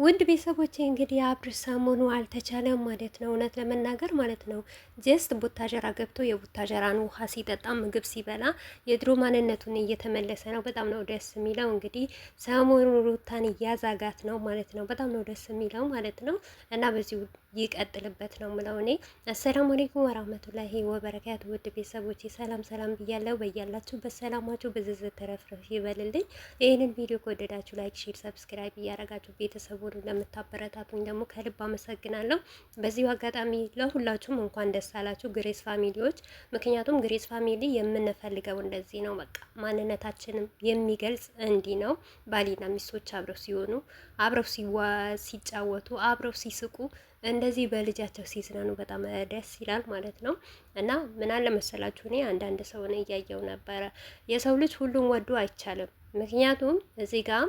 ውድ ቤተሰቦቼ እንግዲህ አብርሽ ሰሞኑ አልተቻለም ማለት ነው፣ እውነት ለመናገር ማለት ነው። ጀስት ቡታጀራ ገብቶ የቡታጀራን ውሃ ሲጠጣ ምግብ ሲበላ የድሮ ማንነቱን እየተመለሰ ነው። በጣም ነው ደስ የሚለው። እንግዲህ ሰሞኑ ሩታን እያዛጋት ነው ማለት ነው። በጣም ነው ደስ የሚለው ማለት ነው። እና በዚሁ ይቀጥልበት ነው ምለው እኔ። አሰላሙ አለይኩም ወራህመቱላሂ ወበረካቱ። ውድ ቤተሰቦቼ ሰላም ሰላም ብያለሁ። በያላችሁ በሰላማችሁ ብዝዝ ተረፍረፍ ይበልልኝ። ይህንን ቪዲዮ ከወደዳችሁ ላይክ፣ ሼር፣ ሰብስክራይብ እያረጋችሁ ቤተሰቡ እንድትሰሩ ለምታበረታቱኝ ደግሞ ከልብ አመሰግናለሁ። በዚሁ አጋጣሚ ለሁላችሁም እንኳን ደስ አላችሁ ግሬስ ፋሚሊዎች። ምክንያቱም ግሬስ ፋሚሊ የምንፈልገው እንደዚህ ነው። በቃ ማንነታችንም የሚገልጽ እንዲህ ነው። ባሊና ሚስቶች አብረው ሲሆኑ፣ አብረው ሲጫወቱ፣ አብረው ሲስቁ እንደዚህ በልጃቸው ሲዝናኑ በጣም ደስ ይላል ማለት ነው። እና ምን አለ መሰላችሁ እኔ አንዳንድ ሰውን እያየው ነበረ የሰው ልጅ ሁሉም ወዶ አይቻልም። ምክንያቱም እዚህ ጋር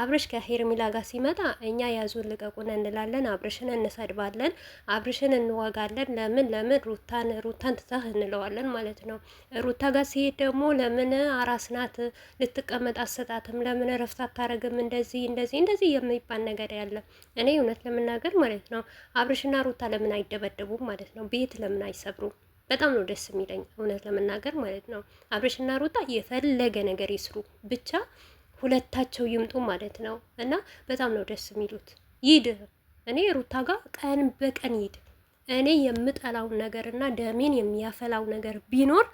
አብርሽ ከሄርሚላ ጋር ሲመጣ እኛ ያዙን ልቀቁን እንላለን፣ አብርሽን እንሰድባለን፣ አብርሽን እንዋጋለን። ለምን ለምን ሩታን ሩታን ትተህ እንለዋለን ማለት ነው። ሩታ ጋር ሲሄድ ደግሞ ለምን አራስ ናት ልትቀመጥ አሰጣትም፣ ለምን እረፍት አታረግም፣ እንደዚህ እንደዚህ እንደዚህ የሚባል ነገር ያለ እኔ እውነት ለመናገር ማለት ነው አብርሽና ሩታ ለምን አይደበደቡም ማለት ነው? ቤት ለምን አይሰብሩም? በጣም ነው ደስ የሚለኝ እውነት ለመናገር ማለት ነው። አብርሽና ሩታ የፈለገ ነገር ይስሩ ብቻ ሁለታቸው ይምጡ ማለት ነው። እና በጣም ነው ደስ የሚሉት። ይድ እኔ ሩታ ጋር ቀን በቀን ይድ እኔ የምጠላውን ነገርና ደሜን የሚያፈላው ነገር ቢኖር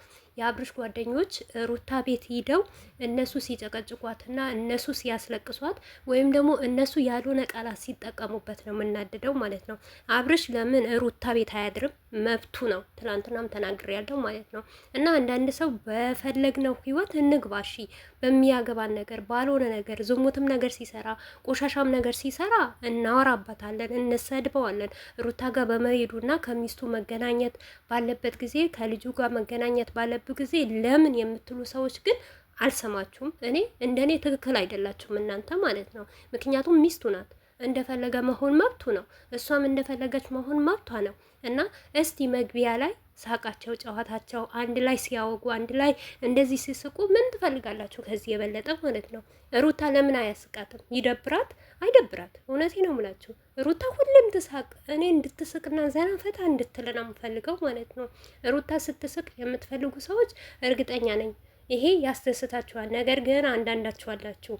የአብርሽ ጓደኞች ሩታ ቤት ሂደው እነሱ ሲጨቀጭቋትና እነሱ ሲያስለቅሷት ወይም ደግሞ እነሱ ያልሆነ ቃላት ሲጠቀሙበት ነው የምናድደው ማለት ነው። አብርሽ ለምን ሩታ ቤት አያድርም? መብቱ ነው። ትናንትናም ተናግሬ ያለው ማለት ነው። እና አንዳንድ ሰው በፈለግነው ህይወት እንግባ እሺ፣ በሚያገባን ነገር ባልሆነ ነገር ዝሙትም ነገር ሲሰራ ቆሻሻም ነገር ሲሰራ እናወራበታለን፣ እንሰድበዋለን። ሩታ ጋር በመሄዱና ከሚስቱ መገናኘት ባለበት ጊዜ ከልጁ ጋር መገናኘት ባለበት በምናይበት ጊዜ ለምን የምትሉ ሰዎች ግን አልሰማችሁም። እኔ እንደኔ ትክክል አይደላችሁም እናንተ ማለት ነው። ምክንያቱም ሚስቱ ናት። እንደፈለገ መሆን መብቱ ነው። እሷም እንደፈለገች መሆን መብቷ ነው እና እስቲ መግቢያ ላይ ሳቃቸው፣ ጨዋታቸው አንድ ላይ ሲያወጉ፣ አንድ ላይ እንደዚህ ሲስቁ ምን ትፈልጋላችሁ ከዚህ የበለጠ ማለት ነው? ሩታ ለምን አያስቃትም? ይደብራት አይደብራት? እውነቴ ነው ምላችሁ ሩታ ሁሌም ትሳቅ። እኔ እንድትስቅና ዘና ፈታ እንድትል የምፈልገው ማለት ነው። ሩታ ስትስቅ የምትፈልጉ ሰዎች እርግጠኛ ነኝ ይሄ ያስደስታችኋል። ነገር ግን አንዳንዳችኋላችሁ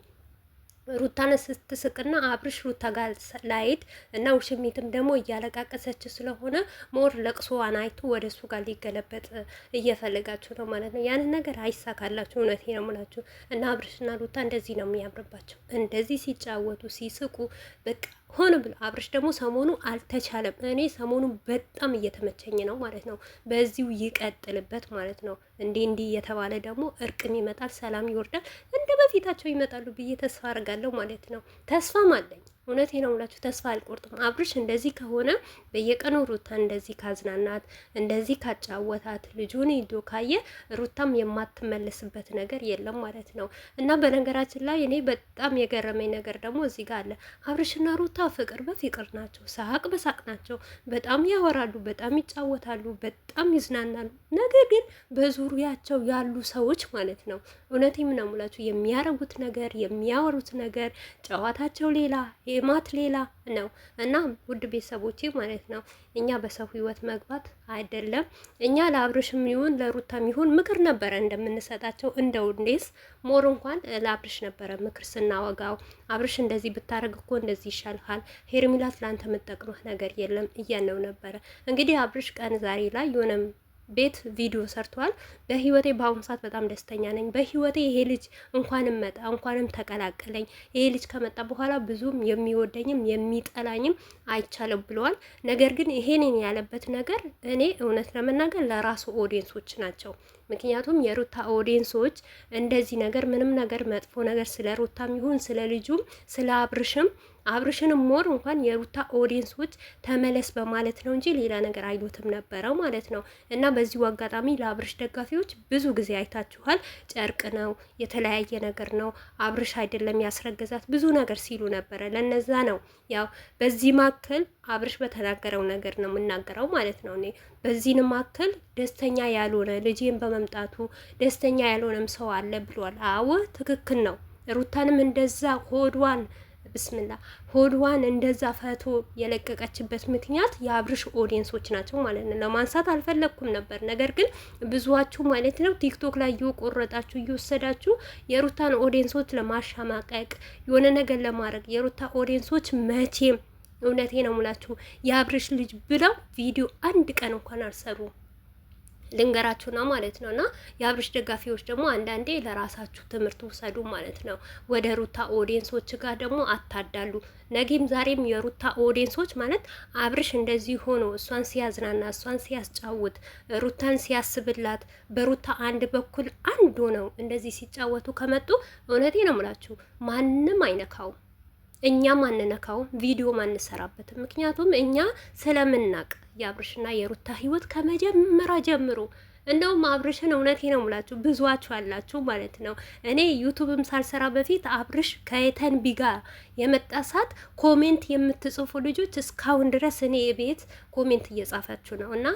ሩታን ስትስቅና አብርሽ ሩታ ጋር ላይት እና ውሽሚትም ደግሞ እያለቃቀሰች ስለሆነ ሞር ለቅሶዋን አይቶ ወደ እሱ ጋር ሊገለበጥ እየፈለጋችሁ ነው ማለት ነው። ያንን ነገር አይሳካላችሁ። እውነት ነው የምላችሁ። እና አብርሽና ሩታ እንደዚህ ነው የሚያምርባቸው፣ እንደዚህ ሲጫወቱ ሲስቁ በቃ ሆን ብሎ አብርሽ ደግሞ ሰሞኑ አልተቻለም። እኔ ሰሞኑ በጣም እየተመቸኝ ነው ማለት ነው። በዚሁ ይቀጥልበት ማለት ነው። እንዲህ እንዲህ እየተባለ ደግሞ እርቅም ይመጣል፣ ሰላም ይወርዳል እንደ ከፊታቸው ይመጣሉ ብዬ ተስፋ አርጋለሁ ማለት ነው። ተስፋም አለኝ። እውነቴ ነው ብላችሁ ተስፋ አልቆርጥም። አብርሽ እንደዚህ ከሆነ በየቀኑ ሩታ እንደዚህ ካዝናናት፣ እንደዚህ ካጫወታት፣ ልጁን ይዞ ካየ ሩታም የማትመለስበት ነገር የለም ማለት ነው። እና በነገራችን ላይ እኔ በጣም የገረመኝ ነገር ደግሞ እዚህ ጋር አለ። አብርሽና ሩታ ፍቅር በፍቅር ናቸው፣ ሳቅ በሳቅ ናቸው። በጣም ያወራሉ፣ በጣም ይጫወታሉ፣ በጣም ይዝናናሉ። ነገር ግን በዙሪያቸው ያሉ ሰዎች ማለት ነው እውነቴ ምናሙላችሁ የሚያረጉት ነገር የሚያወሩት ነገር ጨዋታቸው ሌላ የማት ሌላ ነው እና ውድ ቤተሰቦቼ ማለት ነው እኛ በሰው ህይወት መግባት አይደለም። እኛ ለአብርሽም ይሁን ለሩታም ይሁን ምክር ነበረ እንደምንሰጣቸው እንደ ውዴስ ሞር እንኳን ለአብርሽ ነበረ ምክር ስናወጋው አብርሽ እንደዚህ ብታረግ እኮ እንደዚህ ይሻልሃል፣ ሄርሚላት ለአንተ የምጠቅምህ ነገር የለም እያነው ነበረ። እንግዲህ አብርሽ ቀን ዛሬ ላይ የሆነም ቤት ቪዲዮ ሰርተዋል። በህይወቴ በአሁኑ ሰዓት በጣም ደስተኛ ነኝ። በህይወቴ ይሄ ልጅ እንኳንም መጣ እንኳንም ተቀላቀለኝ። ይሄ ልጅ ከመጣ በኋላ ብዙም የሚወደኝም የሚጠላኝም አይቻልም ብለዋል። ነገር ግን ይሄንን ያለበት ነገር እኔ እውነት ለመናገር ለራሱ ኦዲየንሶች ናቸው ምክንያቱም የሩታ ኦዲየንሶች እንደዚህ ነገር ምንም ነገር መጥፎ ነገር ስለ ሩታም ይሁን ስለ ልጁም ስለ አብርሽም አብርሽንም ሞር እንኳን የሩታ ኦዲየንሶች ተመለስ በማለት ነው እንጂ ሌላ ነገር አይሉትም ነበረ ማለት ነው። እና በዚሁ አጋጣሚ ለአብርሽ ደጋፊዎች ብዙ ጊዜ አይታችኋል። ጨርቅ ነው፣ የተለያየ ነገር ነው፣ አብርሽ አይደለም ያስረገዛት ብዙ ነገር ሲሉ ነበረ። ለነዛ ነው ያው በዚህ ማከል አብርሽ በተናገረው ነገር ነው የምናገረው ማለት ነው። እኔ በዚህን ማከል ደስተኛ ያልሆነ ልጄን በመ በመምጣቱ ደስተኛ ያልሆነም ሰው አለ ብሏል። አዎ ትክክል ነው። ሩታንም እንደዛ ሆድዋን ብስምላ ሆድዋን እንደዛ ፈቶ የለቀቀችበት ምክንያት የአብርሽ ኦዲየንሶች ናቸው ማለት ነው። ለማንሳት አልፈለግኩም ነበር፣ ነገር ግን ብዙዋችሁ ማለት ነው ቲክቶክ ላይ እየቆረጣችሁ እየወሰዳችሁ የሩታን ኦዲየንሶች ለማሸማቀቅ የሆነ ነገር ለማድረግ የሩታ ኦዲየንሶች መቼም እውነቴ ነው ሙላችሁ የአብርሽ ልጅ ብለው ቪዲዮ አንድ ቀን እንኳን አልሰሩም። ልንገራችሁና ማለት ነው። እና የአብርሽ ደጋፊዎች ደግሞ አንዳንዴ ለራሳችሁ ትምህርት ውሰዱ ማለት ነው። ወደ ሩታ ኦዲየንሶች ጋር ደግሞ አታዳሉ። ነጊም ዛሬም የሩታ ኦዲየንሶች ማለት አብርሽ እንደዚህ ሆኖ እሷን ሲያዝናና እሷን ሲያስጫውት ሩታን ሲያስብላት በሩታ አንድ በኩል አንዱ ነው እንደዚህ ሲጫወቱ ከመጡ እውነቴ ነው የምላችሁ ማንም አይነካው። እኛም አንነካውም፣ ቪዲዮም አንሰራበትም። ምክንያቱም እኛ ስለምናቅ የአብርሽና የሩታ ህይወት ከመጀመሪያ ጀምሮ እንደውም አብርሽን እውነቴ ነው የምላችሁ ብዙዋችሁ አላችሁ ማለት ነው። እኔ ዩቱብም ሳልሰራ በፊት አብርሽ ከየተን ቢጋ የመጣ ሰዓት ኮሜንት የምትጽፉ ልጆች እስካሁን ድረስ እኔ የቤት ኮሜንት እየጻፋችሁ ነው እና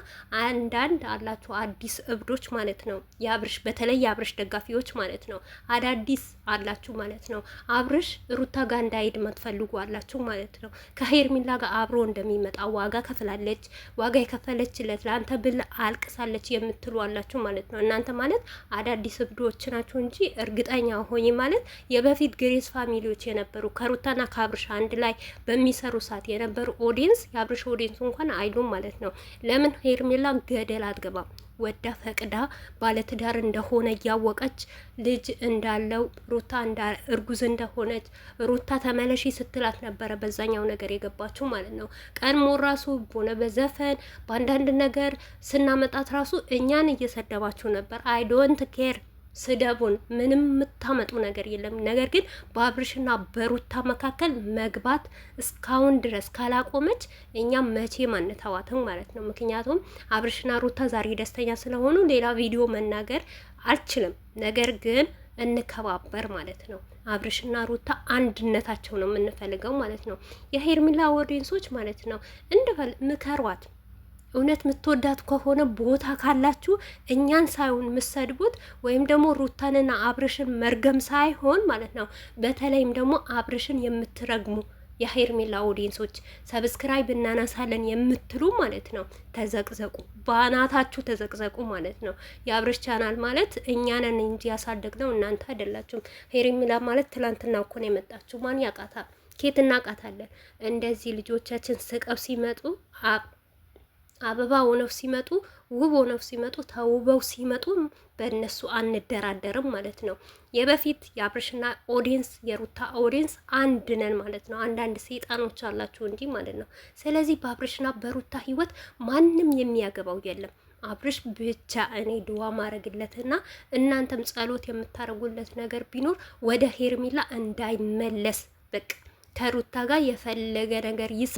አንዳንድ አላችሁ አዲስ እብዶች ማለት ነው። የአብርሽ በተለይ የአብርሽ ደጋፊዎች ማለት ነው። አዳዲስ አላችሁ ማለት ነው። አብርሽ ሩታ ጋር እንዳይሄድ መትፈልጉ አላችሁ ማለት ነው። ከሄርሜላ ጋር አብሮ እንደሚመጣ ዋጋ ከፍላለች፣ ዋጋ የከፈለችለት ለአንተ ብል አልቅሳለች የምትሉ አላችሁ ማለት ነው። እናንተ ማለት አዳዲስ እብዶች ናችሁ እንጂ እርግጠኛ ሆኝ ማለት የበፊት ግሬስ ፋሚሊዎች የነበሩ ከሩታና ከአብርሽ አንድ ላይ በሚሰሩ ሰዓት የነበሩ ኦዲንስ የአብርሽ ኦዲየንስ እንኳን አይሉም ማለት ነው። ለምን ሄርሜላ ገደል አትገባም? ወዳ ፈቅዳ ባለትዳር እንደሆነ እያወቀች ልጅ እንዳለው ሩታ እርጉዝ እንደሆነች ሩታ ተመለሺ ስትላት ነበረ። በዛኛው ነገር የገባችው ማለት ነው። ቀን ሞ ራሱ ሆነ በዘፈን በአንዳንድ ነገር ስናመጣት ራሱ እኛን እየሰደባችሁ ነበር። አይ ዶንት ኬር ስደቡን፣ ምንም የምታመጡ ነገር የለም። ነገር ግን በአብርሽና በሩታ መካከል መግባት እስካሁን ድረስ ካላቆመች እኛ መቼ አንተዋትም ማለት ነው። ምክንያቱም አብርሽና ሩታ ዛሬ ደስተኛ ስለሆኑ ሌላ ቪዲዮ መናገር አልችልም። ነገር ግን እንከባበር ማለት ነው። አብርሽና ሩታ አንድነታቸው ነው የምንፈልገው ማለት ነው። የሄርሚላ ወዲንሶች ማለት ነው እንደፈል ምከሯት እውነት የምትወዳት ከሆነ ቦታ ካላችሁ እኛን ሳይሆን የምትሰድቡት ወይም ደግሞ ሩታንና አብርሽን መርገም ሳይሆን ማለት ነው። በተለይም ደግሞ አብርሽን የምትረግሙ የሄርሜላ ኦዲየንሶች ሰብስክራይብ እናነሳለን የምትሉ ማለት ነው፣ ተዘቅዘቁ፣ በአናታችሁ ተዘቅዘቁ ማለት ነው። የአብርሽ ቻናል ማለት እኛንን እንጂ ያሳደግነው እናንተ አይደላችሁም። ሄርሜላ ማለት ትላንትና እኮ ነው የመጣችሁ። ማን ያውቃታል? ኬት እናቃታለን? እንደዚህ ልጆቻችን ስቀብ ሲመጡ አበባ ሆነው ሲመጡ ውብ ሆነው ሲመጡ ተውበው ሲመጡ በእነሱ አንደራደርም ማለት ነው። የበፊት የአብርሽና ኦዲንስ የሩታ ኦዲንስ አንድ ነን ማለት ነው። አንዳንድ ሰይጣኖች አላችሁ እንጂ ማለት ነው። ስለዚህ በአብርሽና በሩታ ህይወት ማንም የሚያገባው የለም። አብርሽ ብቻ እኔ ድዋ ማድረግለትና እናንተም ጸሎት የምታደርጉለት ነገር ቢኖር ወደ ሄርሚላ እንዳይመለስ በቃ ከሩታ ጋር የፈለገ ነገር ይስ